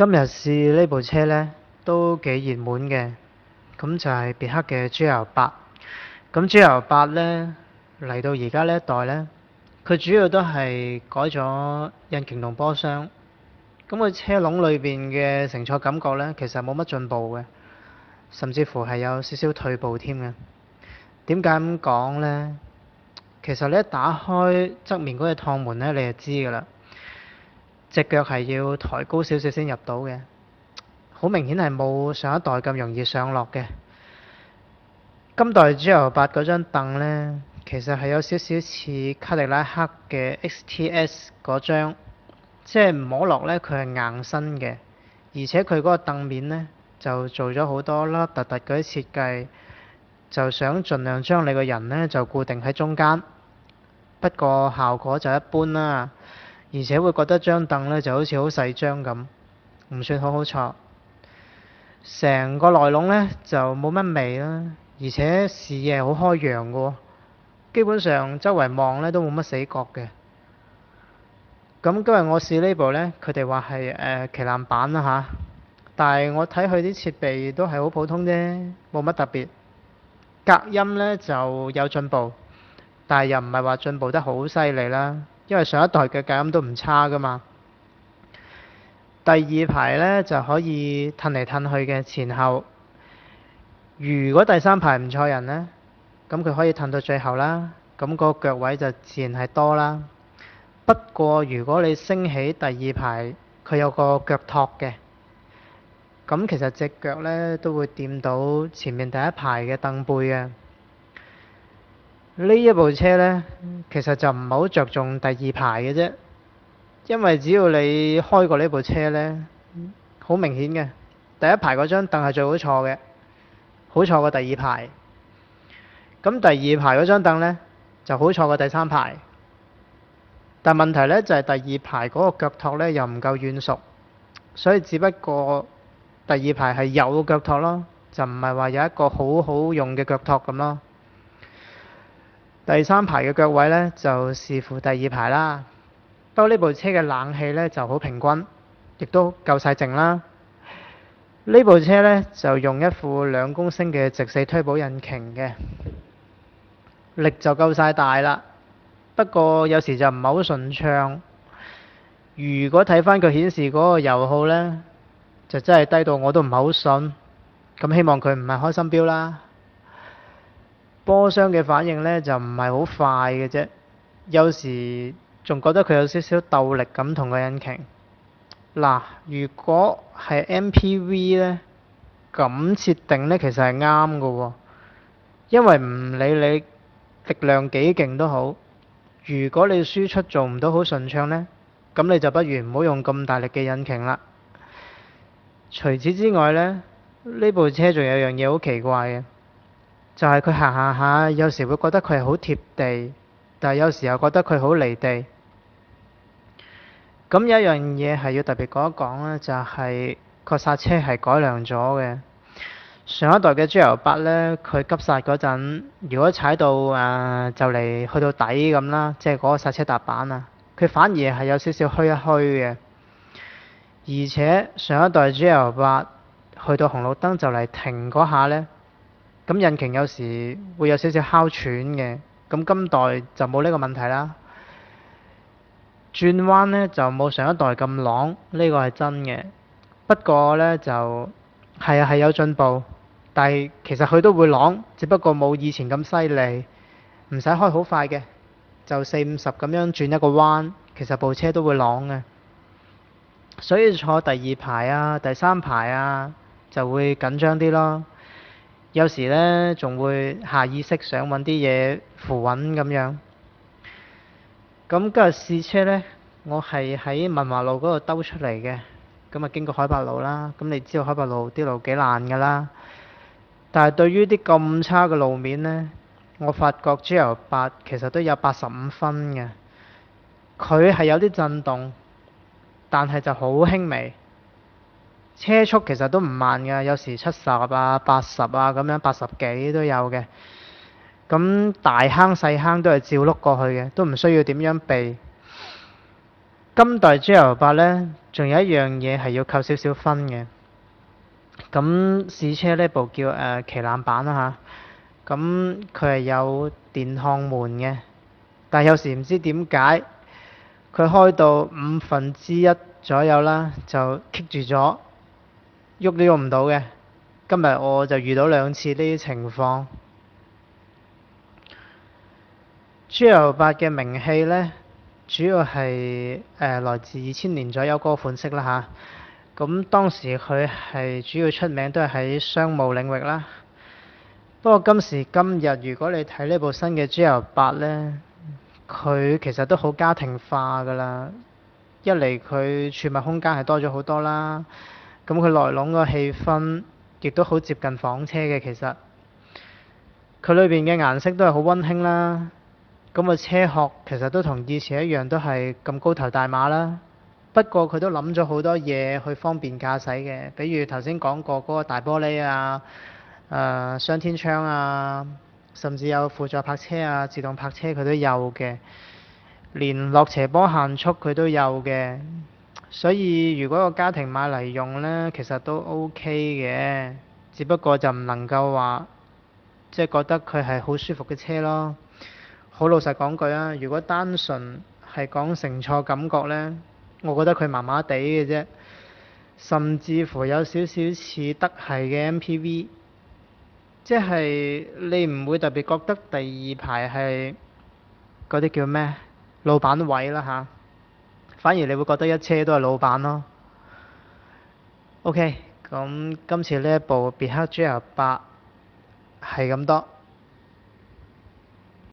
今日試呢部車呢，都幾熱門嘅。咁就係別克嘅 GL8。咁 GL8 呢，嚟到而家呢一代呢，佢主要都係改咗引擎同波箱。咁佢車籠裏邊嘅乘坐感覺呢，其實冇乜進步嘅，甚至乎係有少少退步添嘅。點解咁講呢？其實你一打開側面嗰隻趟門呢，你就知噶啦。隻腳係要抬高少少先入到嘅，好明顯係冇上一代咁容易上落嘅。今代 GL8 嗰張凳呢，其實係有少少似卡迪拉克嘅 XTS 嗰張，即係摸落呢，佢係硬身嘅，而且佢嗰個凳面呢，就做咗好多凹凸凸嗰啲設計，就想盡量將你個人呢就固定喺中間，不過效果就一般啦，啊。而且會覺得張凳咧就好似好細張咁，唔算好好坐。成個內籠咧就冇乜味啦，而且視野好開揚嘅喎，基本上周圍望咧都冇乜死角嘅。咁今日我試呢部咧，佢哋話係誒旗艦版啦嚇，但係我睇佢啲設備都係好普通啫，冇乜特別。隔音咧就有進步，但係又唔係話進步得好犀利啦。因為上一代腳感都唔差噶嘛，第二排咧就可以褪嚟褪去嘅，前後。如果第三排唔錯人咧，咁佢可以褪到最後啦，咁個腳位就自然係多啦。不過如果你升起第二排，佢有個腳托嘅，咁其實隻腳咧都會掂到前面第一排嘅凳背嘅。呢一部車呢，其實就唔係好着重第二排嘅啫，因為只要你開過呢部車呢，好明顯嘅，第一排嗰張凳係最好坐嘅，好坐過第二排。咁第二排嗰張凳呢，就好坐過第三排。但問題呢，就係第二排嗰個腳托呢又唔夠軟熟，所以只不過第二排係有腳托咯，就唔係話有一個好好用嘅腳托咁咯。第三排嘅腳位咧就視乎第二排啦。不過呢部車嘅冷氣咧就好平均，亦都夠晒靜啦。呢部車咧就用一副兩公升嘅直四推寶引擎嘅，力就夠晒大啦。不過有時就唔係好順暢。如果睇翻佢顯示嗰個油耗咧，就真係低到我都唔係好信。咁希望佢唔係開心標啦。波箱嘅反應咧就唔係好快嘅啫，有時仲覺得佢有少少鬥力咁同個引擎。嗱，如果係 MPV 咧，咁設定咧其實係啱嘅喎，因為唔理你力量幾勁都好，如果你輸出做唔到好順暢咧，咁你就不如唔好用咁大力嘅引擎啦。除此之外咧，呢部車仲有樣嘢好奇怪嘅。就係佢行行下，有時會覺得佢係好貼地，但係有時又覺得佢好離地。咁有一樣嘢係要特別講一講咧，就係、是、個剎車係改良咗嘅。上一代嘅 GL8 咧，佢急剎嗰陣，如果踩到誒、呃、就嚟去到底咁啦，即係嗰個剎車踏板啊，佢反而係有少少虛一虛嘅。而且上一代 GL8 去到紅綠燈就嚟停嗰下咧。咁引擎有時會有少少哮喘嘅，咁今代就冇呢個問題啦。轉彎呢就冇上一代咁朗，呢個係真嘅。不過呢，就係、啊、係有進步，但係其實佢都會朗，只不過冇以前咁犀利，唔使開好快嘅，就四五十咁樣轉一個彎，其實部車都會朗嘅。所以坐第二排啊、第三排啊就會緊張啲咯。有時咧，仲會下意識想揾啲嘢扶穩咁樣。咁今日試車呢，我係喺文華路嗰度兜出嚟嘅，咁啊經過海八路啦。咁你知道海八路啲路幾爛噶啦？但係對於啲咁差嘅路面呢，我發覺 GL8 其實都有八十五分嘅。佢係有啲震動，但係就好輕微。車速其實都唔慢㗎，有時七十啊、八十啊咁樣，八十幾都有嘅。咁大坑細坑都係照碌過去嘅，都唔需要點樣避。今代 GL8 呢，仲有一樣嘢係要扣少少分嘅。咁試車呢部叫誒旗艦版啦、啊、嚇，咁佢係有電控門嘅，但有時唔知點解，佢開到五分之一左右啦，就棘住咗。喐都喐唔到嘅。今日我就遇到兩次呢啲情況。GL8 嘅名氣呢，主要係誒、呃、來自二千年左右嗰個款式啦嚇。咁、啊嗯、當時佢係主要出名都係喺商務領域啦。不過今時今日，如果你睇呢部新嘅 GL8 呢，佢其實都好家庭化噶啦。一嚟佢儲物空間係多咗好多啦。咁佢內籠個氣氛亦都好接近房車嘅，其實佢裏邊嘅顏色都係好溫馨啦。咁、個車殼其實都同以前一樣，都係咁高頭大馬啦。不過佢都諗咗好多嘢去方便駕駛嘅，比如頭先講過嗰個大玻璃啊，誒、呃、雙天窗啊，甚至有輔助泊車啊、自動泊車佢都有嘅，連落斜坡限速佢都有嘅。所以如果個家庭買嚟用咧，其實都 O K 嘅，只不過就唔能夠話，即係覺得佢係好舒服嘅車咯。好老實講句啊，如果單純係講乘坐感覺咧，我覺得佢麻麻地嘅啫，甚至乎有少少似德系嘅 MPV，即係你唔會特別覺得第二排係嗰啲叫咩老闆位啦嚇。反而你會覺得一車都係老闆咯。OK，咁今次呢一部別克 GL 八係咁多。